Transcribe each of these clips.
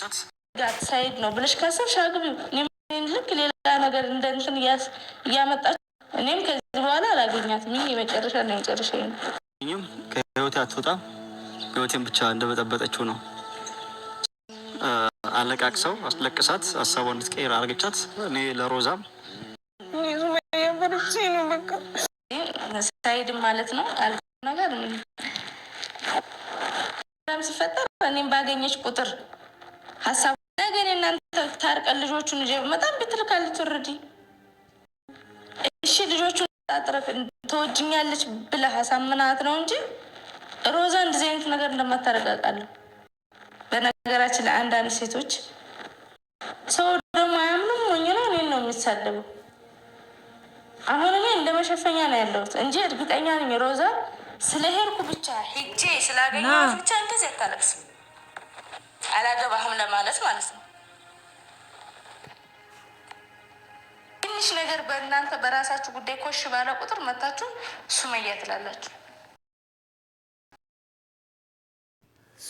ግጭት ሳይድ ነው ብለሽ ካሰብሽ አግቢው። ልክ ሌላ ነገር እንደ እንትን እያመጣች እኔም ከዚህ በኋላ አላገኛትም። ይህ የመጨረሻ ነው፣ የመጨረሻ ነው። ከህይወቴ አትወጣም። ህይወቴን ብቻ እንደበጠበጠችው ነው። አለቃቅሰው አስለቅሳት፣ ሀሳቧ እንድትቀይር አርግቻት። እኔ ለሮዛም ሳይድ ማለት ነው አል ነገር ሲፈጠር እኔም ባገኘች ቁጥር ሀሳብ ነገር እናንተ ታርቀን ልጆቹን እ በጣም ብትልካል ወረዲ እሺ፣ ልጆቹን ጣጥረፍ ተወጅኛለች ብለህ አሳምናት ነው እንጂ ሮዛ እንደዚህ አይነት ነገር እንደማታረጋቃለሁ። በነገራችን ላይ አንዳንድ ሴቶች ሰው ደግሞ አያምንም ሞኝ ነው እኔን ነው የሚሳደበው። አሁን እኔ እንደ መሸፈኛ ነው ያለሁት እንጂ እርግጠኛ ነኝ ሮዛ ስለሄድኩ ብቻ ሄጄ ስላገኘች ብቻ እንደዚህ አታለቅስም። አላገባህም ለማለት ማለት ነው። ትንሽ ነገር በእናንተ በራሳችሁ ጉዳይ ኮሽ ባለ ቁጥር መታችሁ ሱመያ ትላላችሁ።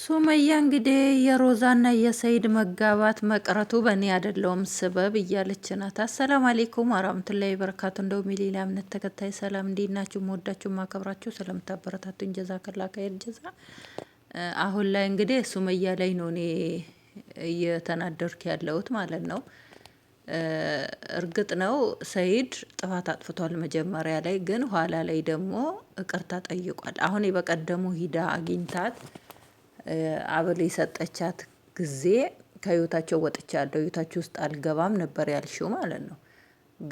ሱመያ እንግዲህ የሮዛና የሰይድ መጋባት መቅረቱ በእኔ አይደለውም ስበብ እያለች ናት። አሰላም አሌይኩም ወራህመቱላሂ በረካቱ እንደው ሚሊላ እምነት ተከታይ ሰላም፣ እንዲናችሁ መወዳችሁ ማከብራችሁ ስለምታበረታቱኝ ጀዛ ከላካየድ ጀዛ አሁን ላይ እንግዲህ ሱመያ ላይ ነው እኔ እየተናደርኩ ያለሁት ማለት ነው። እርግጥ ነው ሰይድ ጥፋት አጥፍቷል መጀመሪያ ላይ፣ ግን ኋላ ላይ ደግሞ እቅርታ ጠይቋል። አሁን በቀደሙ ሂዳ አግኝታት አበል የሰጠቻት ጊዜ ከህይወታቸው ወጥቻለሁ ህይወታቸው ውስጥ አልገባም ነበር ያልሽው ማለት ነው።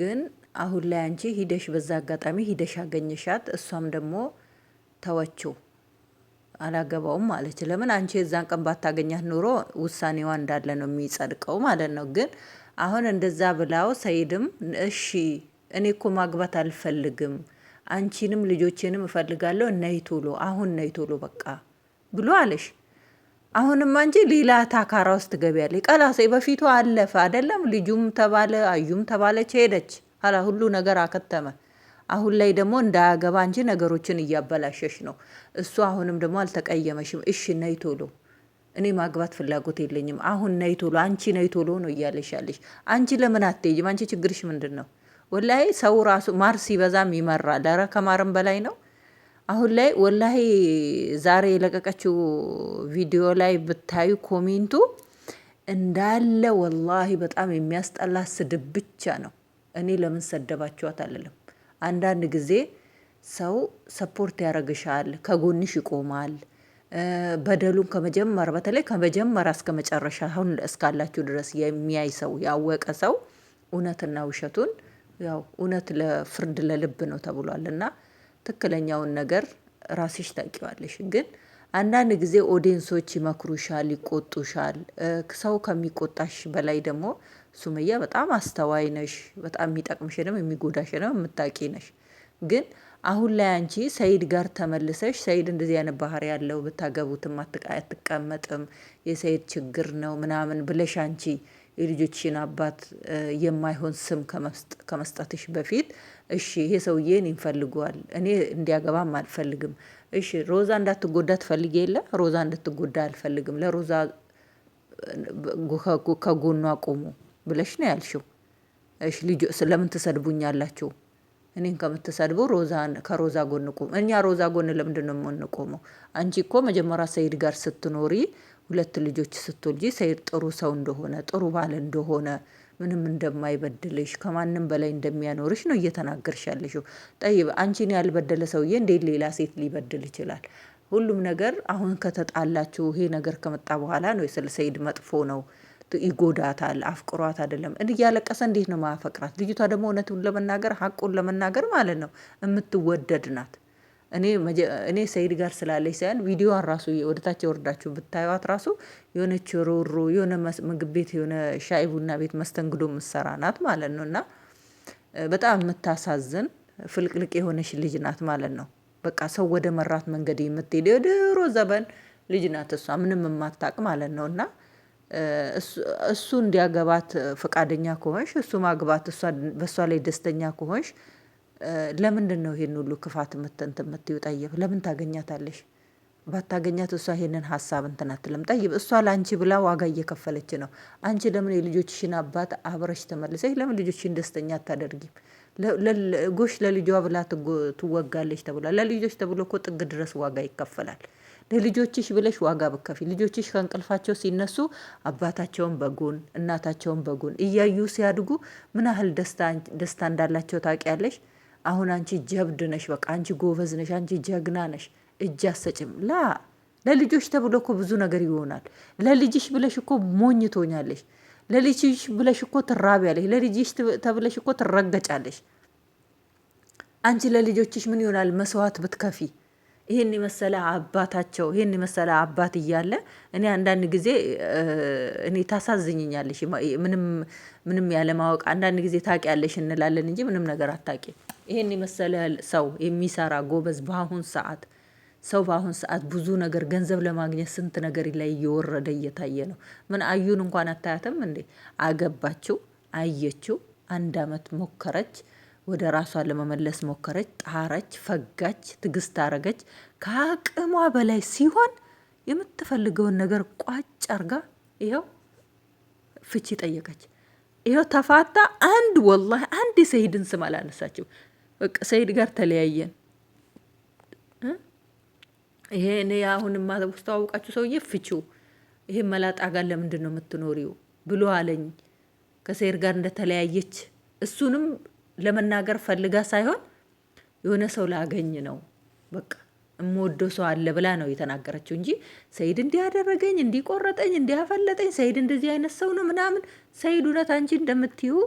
ግን አሁን ላይ አንቺ ሂደሽ በዛ አጋጣሚ ሂደሽ አገኘሻት፣ እሷም ደግሞ ተወችው። አላገባውም ማለች። ለምን አንቺ የዛን ቀን ባታገኛት ኑሮ ውሳኔዋ እንዳለ ነው የሚጸድቀው ማለት ነው። ግን አሁን እንደዛ ብላው ሰይድም እሺ እኔ እኮ ማግባት አልፈልግም፣ አንቺንም ልጆቼንም እፈልጋለሁ፣ ነይ ቶሎ፣ አሁን ነይ ቶሎ በቃ ብሎ አለሽ። አሁንም አንቺ ሌላ ታካራ ውስጥ ትገቢያለሽ። ቀላሴ በፊቱ አለፈ አይደለም? ልጁም ተባለ አዩም ተባለች ሄደች። ኋላ ሁሉ ነገር አከተመ። አሁን ላይ ደግሞ እንዳያገባ እንጂ ነገሮችን እያበላሸሽ ነው። እሱ አሁንም ደግሞ አልተቀየመሽም። እሺ ነይ ቶሎ፣ እኔ ማግባት ፍላጎት የለኝም፣ አሁን ነይ ቶሎ፣ አንቺ ነይ ቶሎ ነው እያለሻለሽ። አንቺ ለምን አትሄጂም? አንቺ ችግርሽ ምንድን ነው? ወላሂ ሰው ራሱ ማር ሲበዛም ይመራል። ኧረ ከማርም በላይ ነው። አሁን ላይ ወላሂ ዛሬ የለቀቀችው ቪዲዮ ላይ ብታዩ ኮሜንቱ እንዳለ ወላሂ በጣም የሚያስጠላ ስድብ ብቻ ነው። እኔ ለምን ሰደባችኋት አለለም አንዳንድ ጊዜ ሰው ሰፖርት ያደርግሻል፣ ከጎንሽ ይቆማል። በደሉን ከመጀመር በተለይ ከመጀመር እስከ መጨረሻ አሁን እስካላችሁ ድረስ የሚያይ ሰው ያወቀ ሰው እውነትና ውሸቱን ያው እውነት ለፍርድ ለልብ ነው ተብሏል እና ትክክለኛውን ነገር ራስሽ ታውቂዋለሽ ግን አንዳንድ ጊዜ ኦዲየንሶች ይመክሩሻል ይቆጡሻል ሰው ከሚቆጣሽ በላይ ደግሞ ሱመያ በጣም አስተዋይ ነሽ በጣም የሚጠቅምሽንም የሚጎዳሽንም የምታቂ ነሽ። ግን አሁን ላይ አንቺ ሰይድ ጋር ተመልሰሽ ሰይድ እንደዚህ አይነት ባህሪ ያለው ብታገቡትም አትቀመጥም የሰይድ ችግር ነው ምናምን ብለሽ አንቺ የልጆችን አባት የማይሆን ስም ከመስጠትሽ በፊት እሺ ይሄ ሰውዬን ይንፈልገዋል እኔ እንዲያገባም አልፈልግም። እሺ ሮዛ እንዳትጎዳ ትፈልግ የለ ሮዛ እንድትጎዳ አልፈልግም ለሮዛ ከጎኗ ቁሙ ብለሽ ነው ያልሽው። እሺ ልጆ ለምን ትሰድቡኛላችሁ? እኔን ከምትሰድቡ ከሮዛ ጎን ቁሙ። እኛ ሮዛ ጎን ለምንድን ነው የምንቆመው? አንቺ እኮ መጀመሪያ ሰይድ ጋር ስትኖሪ ሁለት ልጆች ስትወልጂ ሰይድ ጥሩ ሰው እንደሆነ ጥሩ ባል እንደሆነ ምንም እንደማይበድልሽ ከማንም በላይ እንደሚያኖርሽ ነው እየተናገርሽ ያለሽው። ጠይብ አንቺን ያልበደለ ሰውዬ እንዴት ሌላ ሴት ሊበድል ይችላል? ሁሉም ነገር አሁን ከተጣላችሁ ይሄ ነገር ከመጣ በኋላ ነው ስለ ሰይድ መጥፎ ነው ይጎዳታል፣ አፍቅሯት አይደለም እያለቀሰ እንዴት ነው ማፈቅራት? ልጅቷ ደግሞ እውነቱን ለመናገር ሀቁን ለመናገር ማለት ነው የምትወደድ ናት። እኔ እኔ ሰይድ ጋር ስላለች ሳይሆን ቪዲዮዋን ራሱ ወደታች ወርዳችሁ ብታዩት ራሱ የሆነች ሮሮ የሆነ ምግብ ቤት የሆነ ሻይ ቡና ቤት መስተንግዶ የምትሰራ ናት ማለት ነው። እና በጣም የምታሳዝን ፍልቅልቅ የሆነች ልጅ ናት ማለት ነው። በቃ ሰው ወደ መራት መንገድ የምትሄድ የድሮ ዘበን ልጅ ናት እሷ ምንም የማታቅ ማለት ነው። እና እሱ እንዲያገባት ፈቃደኛ ከሆንሽ እሱ ማግባት፣ በእሷ ላይ ደስተኛ ከሆንሽ ለምንድን ነው ይሄን ሁሉ ክፋት ምትንት የምትዩ? ጠይብ ለምን ታገኛታለሽ? ባታገኛት እሷ ይሄንን ሀሳብ እንትን አትልም። ጠይብ እሷ ለአንቺ ብላ ዋጋ እየከፈለች ነው። አንቺ ለምን የልጆችሽን አባት አብረሽ ተመልሰሽ ለምን ልጆችሽን ደስተኛ አታደርጊም? ጎሽ ለልጇ ብላ ትወጋለች ተብሏል። ለልጆች ተብሎ እኮ ጥግ ድረስ ዋጋ ይከፈላል። ለልጆችሽ ብለሽ ዋጋ ብከፊ። ልጆችሽ ከእንቅልፋቸው ሲነሱ አባታቸውን በጎን እናታቸውን በጎን እያዩ ሲያድጉ ምን ያህል ደስታ እንዳላቸው ታውቂያለሽ። አሁን አንቺ ጀብድ ነሽ፣ በቃ አንቺ ጎበዝ ነሽ፣ አንቺ ጀግና ነሽ፣ እጅ አሰጭም ላ ለልጆች ተብሎ እኮ ብዙ ነገር ይሆናል። ለልጅሽ ብለሽ እኮ ሞኝ ትሆኛለሽ። ለልጅሽ ብለሽ እኮ ትራቢያለሽ። ለልጅሽ ተብለሽ እኮ ትረገጫለሽ። አንቺ ለልጆችሽ ምን ይሆናል መስዋዕት ብትከፊ? ይህን የመሰለ አባታቸው ይህን የመሰለ አባት እያለ እኔ አንዳንድ ጊዜ እኔ ታሳዝኝኛለሽ። ምንም ያለማወቅ አንዳንድ ጊዜ ታውቂያለሽ እንላለን እንጂ ምንም ነገር አታውቂም። ይሄን የመሰለ ሰው የሚሰራ ጎበዝ በአሁን ሰዓት ሰው በአሁን ሰዓት ብዙ ነገር ገንዘብ ለማግኘት ስንት ነገር ላይ እየወረደ እየታየ ነው። ምን አዩን እንኳን አታያትም እንዴ? አገባችው፣ አየችው፣ አንድ አመት ሞከረች፣ ወደ ራሷ ለመመለስ ሞከረች፣ ጣረች፣ ፈጋች፣ ትግስት አረገች። ከአቅሟ በላይ ሲሆን የምትፈልገውን ነገር ቋጭ አርጋ ይኸው ፍቺ ጠየቀች። ይኸው ተፋታ። አንድ ወላሂ አንድ የሰኢድን ስም አላነሳችው። በቃ ሰይድ ጋር ተለያየን። ይሄ እኔ አሁን ማስተዋወቃችሁ ሰውዬ ፍቺው ይሄ መላጣ ጋር ለምንድን ነው የምትኖሪው ብሎ አለኝ። ከሰይድ ጋር እንደተለያየች እሱንም ለመናገር ፈልጋ ሳይሆን የሆነ ሰው ላገኝ ነው በቃ እምወደው ሰው አለ ብላ ነው የተናገረችው እንጂ ሰይድ እንዲያደረገኝ፣ እንዲቆረጠኝ፣ እንዲያፈለጠኝ ሰይድ እንደዚህ አይነት ሰው ነው ምናምን ሰይድ እውነት አንቺ እንደምትይው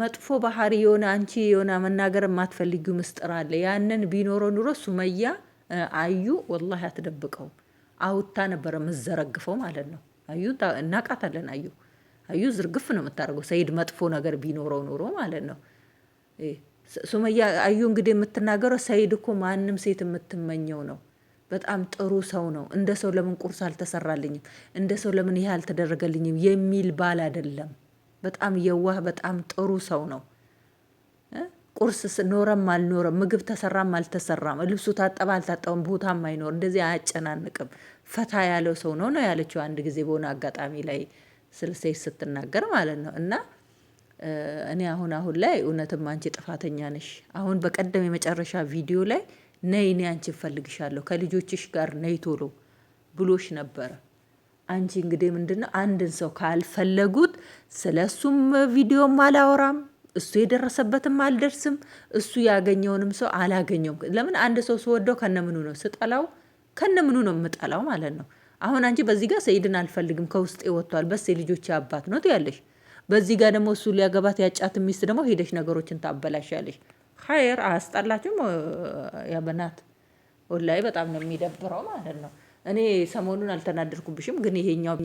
መጥፎ ባህሪ የሆነ አንቺ የሆነ መናገር የማትፈልጊው ምስጢር አለ። ያንን ቢኖረው ኑሮ ሱመያ አዩ ወላሂ አትደብቀውም፣ አውታ ነበረ ምዘረግፈው ማለት ነው። አዩ እናቃታለን። አዩ አዩ ዝርግፍ ነው የምታደርገው፣ ሰይድ መጥፎ ነገር ቢኖረው ኑሮ ማለት ነው። ሱመያ አዩ እንግዲህ የምትናገረው ሰይድ እኮ ማንም ሴት የምትመኘው ነው። በጣም ጥሩ ሰው ነው። እንደ ሰው ለምን ቁርስ አልተሰራልኝም፣ እንደ ሰው ለምን ይህ አልተደረገልኝም የሚል ባል አይደለም። በጣም የዋህ በጣም ጥሩ ሰው ነው። ቁርስ ኖረም አልኖረም ምግብ ተሰራም አልተሰራም ልብሱ ታጠበ አልታጠበም ቦታም አይኖር እንደዚህ አያጨናንቅም። ፈታ ያለው ሰው ነው ነው ያለችው አንድ ጊዜ በሆነ አጋጣሚ ላይ ስልሴት ስትናገር ማለት ነው። እና እኔ አሁን አሁን ላይ እውነትም አንቺ ጥፋተኛ ነሽ። አሁን በቀደም የመጨረሻ ቪዲዮ ላይ ነይ እኔ አንቺ እፈልግሻለሁ ከልጆችሽ ጋር ነይ ቶሎ ብሎሽ ነበረ አንቺ እንግዲህ ምንድነው አንድን ሰው ካልፈለጉት ስለ እሱም ቪዲዮም አላወራም፣ እሱ የደረሰበትም አልደርስም፣ እሱ ያገኘውንም ሰው አላገኘውም። ለምን አንድ ሰው ስወደው ከነምኑ ነው ስጠላው ከነምኑ ነው የምጠላው ማለት ነው። አሁን አንቺ በዚህ ጋር ሰይድን አልፈልግም ከውስጤ ወጥቷል፣ በስ የልጆች አባት ነው ትያለሽ። በዚህ ጋር ደግሞ እሱ ሊያገባት ያጫት ሚስት ደግሞ ሄደሽ ነገሮችን ታበላሻለሽ። ሀየር አያስጠላችሁም? ያበናት ወላሂ በጣም ነው የሚደብረው ማለት ነው። እኔ ሰሞኑን አልተናደርኩብሽም፣ ግን ይሄኛው